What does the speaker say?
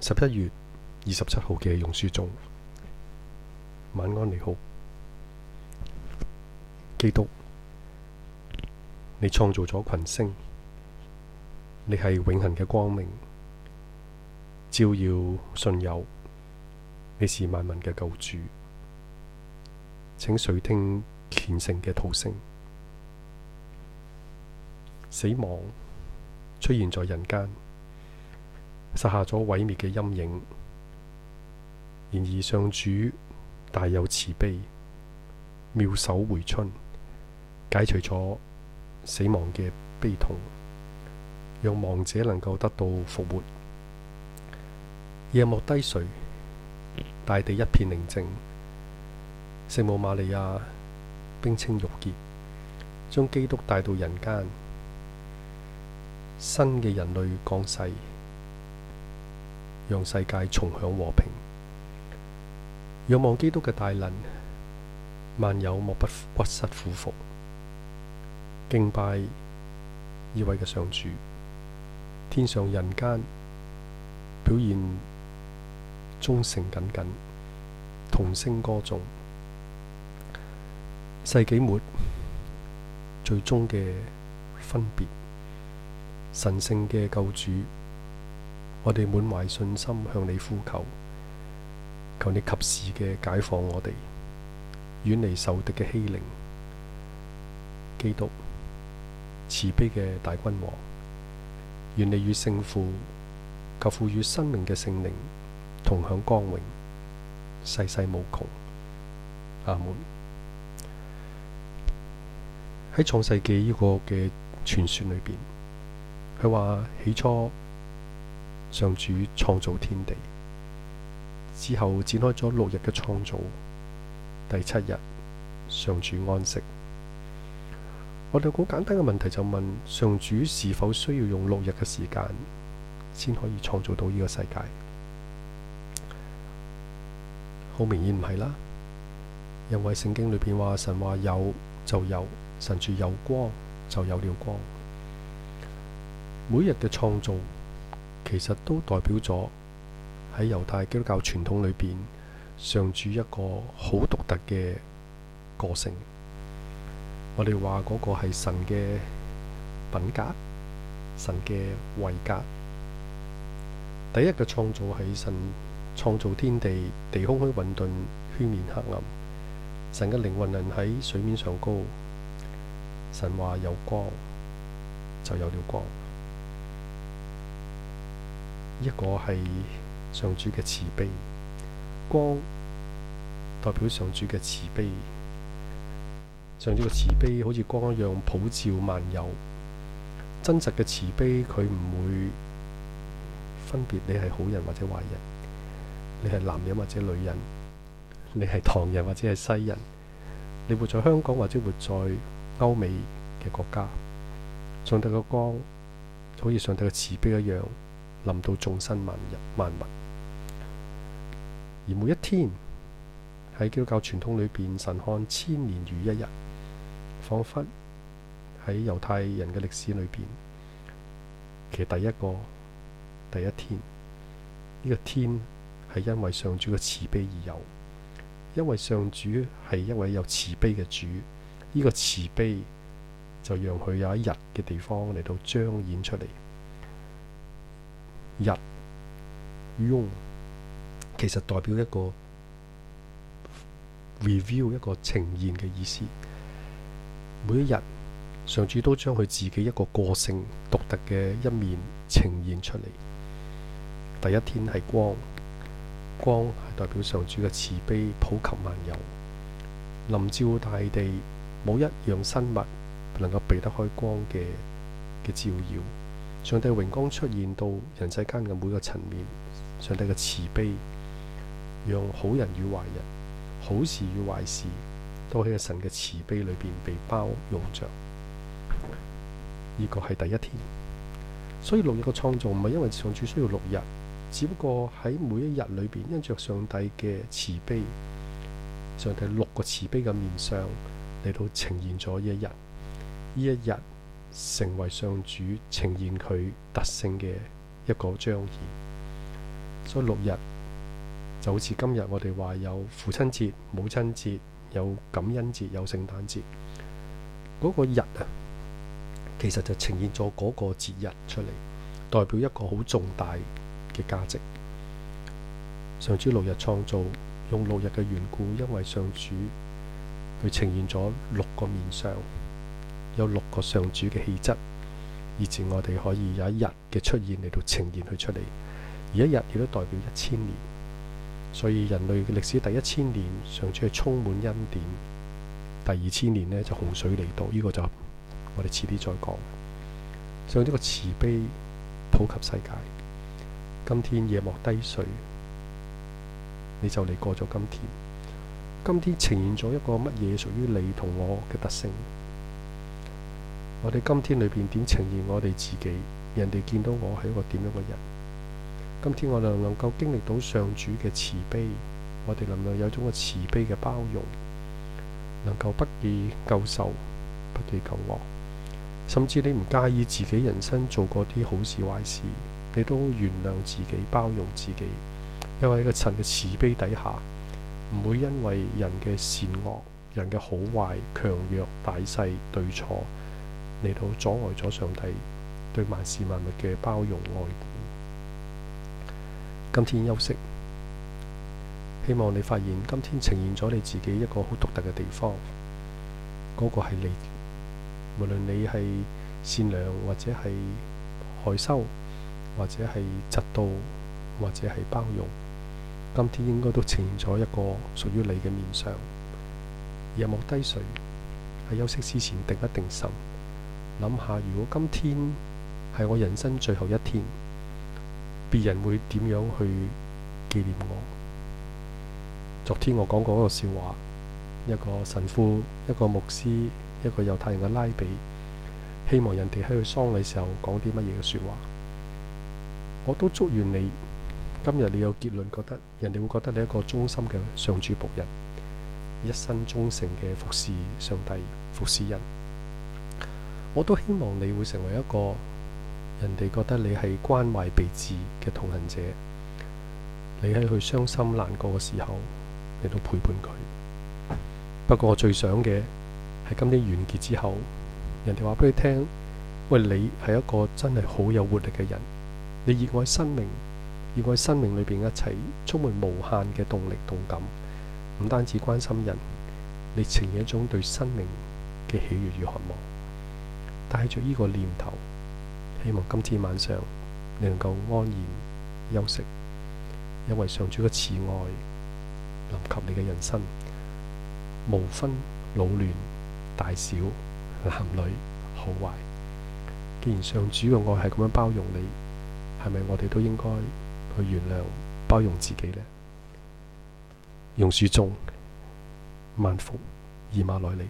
十一月二十七號嘅榕樹中，晚安，你好，基督，你創造咗群星，你係永恒嘅光明，照耀信友。你是萬民嘅救主，請垂聽虔誠嘅禱聲。死亡出現在人間。撒下咗毀滅嘅陰影。然而，上主大有慈悲，妙手回春，解除咗死亡嘅悲痛，讓亡者能夠得到復活。夜幕低垂，大地一片寧靜。聖母瑪利亞冰清玉潔，將基督帶到人間，新嘅人類降世。讓世界重享和平。仰望基督嘅大能，萬有莫不屈膝俯伏，敬拜二位嘅上主。天上人間表現忠誠耿耿，同聲歌頌。世紀末最終嘅分別，神聖嘅救主。我哋滿懷信心向你呼求，求你及時嘅解放我哋，遠離受敵嘅欺凌。基督慈悲嘅大君王，願你與聖父及賦予生命嘅聖靈同享光榮，世世無窮。阿門。喺創世紀呢個嘅傳説裏邊，佢話起初。上主創造天地之後展開咗六日嘅創造，第七日上主安息。我哋好簡單嘅問題就問：上主是否需要用六日嘅時間先可以創造到呢個世界？好明顯唔係啦，因為聖經裏邊話神話有就有，神說有光就有了光，每日嘅創造。其實都代表咗喺猶太基督教傳統裏邊，上主一個好獨特嘅個性。我哋話嗰個係神嘅品格、神嘅位格。第一個創造係神創造天地，地空虛混沌，虛面黑暗。神嘅靈魂能喺水面上高。神話有光，就有了光。一個係上主嘅慈悲。光代表上主嘅慈悲。上主嘅慈悲好似光一樣普照萬有。真實嘅慈悲，佢唔會分別你係好人或者壞人，你係男人或者女人，你係唐人或者係西人，你活在香港或者活在歐美嘅國家，上帝嘅光就好似上帝嘅慈悲一樣，臨到眾生萬日萬物，而每一天喺基督教傳統裏邊，神看千年如一日，彷彿喺猶太人嘅歷史裏邊，其實第一個第一天呢個天係因為上主嘅慈悲而有，因為上主係一位有慈悲嘅主，呢個慈悲就讓佢有一日嘅地方嚟到彰顯出嚟。用其實代表一個 review 一個呈現嘅意思。每一日，上主都將佢自己一個個性獨特嘅一面呈現出嚟。第一天係光，光係代表上主嘅慈悲普及萬有，臨照大地，冇一樣生物能夠避得開光嘅嘅照耀。上帝榮光出現到人世間嘅每個層面，上帝嘅慈悲，讓好人與壞人、好事與壞事，都喺神嘅慈悲裏邊被包容着。呢個係第一天，所以六日嘅創造唔係因為上主需要六日，只不過喺每一日裏邊，因着上帝嘅慈悲，上帝六個慈悲嘅面相嚟到呈現咗呢一日，呢一日。成為上主呈現佢特性嘅一個彰顯，所以六日就好似今日，我哋話有父親節、母親節、有感恩節、有聖誕節，嗰個日啊，其實就呈現咗嗰個節日出嚟，代表一個好重大嘅價值。上主六日創造，用六日嘅緣故，因為上主佢呈現咗六個面相。有六個上主嘅氣質，以至我哋可以有一日嘅出現嚟到呈現佢出嚟。而一日亦都代表一千年，所以人類嘅歷史第一千年上主係充滿恩典，第二千年呢，就洪水嚟到。呢、這個就我哋遲啲再講。上呢個慈悲普及世界。今天夜幕低垂，你就嚟過咗今天，今天呈現咗一個乜嘢屬於你同我嘅特性？我哋今天裏邊點呈現我哋自己？人哋見到我係一個點樣嘅人？今天我哋能夠經歷到上主嘅慈悲，我哋能夠有種嘅慈悲嘅包容，能夠不計舊仇，不計舊惡，甚至你唔介意自己人生做過啲好事壞事，你都原諒自己、包容自己，因為喺個神嘅慈悲底下，唔會因為人嘅善惡、人嘅好壞、強弱、大細、對錯。嚟到阻礙咗上帝對萬事萬物嘅包容愛。今天休息，希望你發現今天呈現咗你自己一個好獨特嘅地方。嗰、那個係你，無論你係善良或者係害羞，或者係嫉妒，或者係包容，今天應該都呈現咗一個屬於你嘅面相。夜幕低垂，喺休息之前定一定神。諗下，如果今天係我人生最後一天，別人會點樣去紀念我？昨天我講過一個笑話，一個神父、一個牧師、一個猶太人嘅拉比，希望人哋喺佢喪禮時候講啲乜嘢嘅説話。我都祝願你今日你有結論，覺得人哋會覺得你一個忠心嘅上主僕人，一生忠誠嘅服侍上帝、服侍人。我都希望你會成為一個人哋覺得你係關懷備至嘅同行者。你喺佢傷心難過嘅時候你都陪伴佢。不過我最想嘅係今天完結之後，人哋話俾你聽：喂，你係一個真係好有活力嘅人，你熱愛生命，熱愛生命裏邊一切，充滿無限嘅動力、動感。唔單止關心人，你呈現一種對生命嘅喜悅與渴望。帶着呢個念頭，希望今天晚上你能夠安然休息，因為上主嘅慈愛臨及你嘅人生，無分老嫩、大小、男女、好壞。既然上主嘅愛係咁樣包容你，係咪我哋都應該去原諒、包容自己呢？榕樹中，萬福，以馬內利。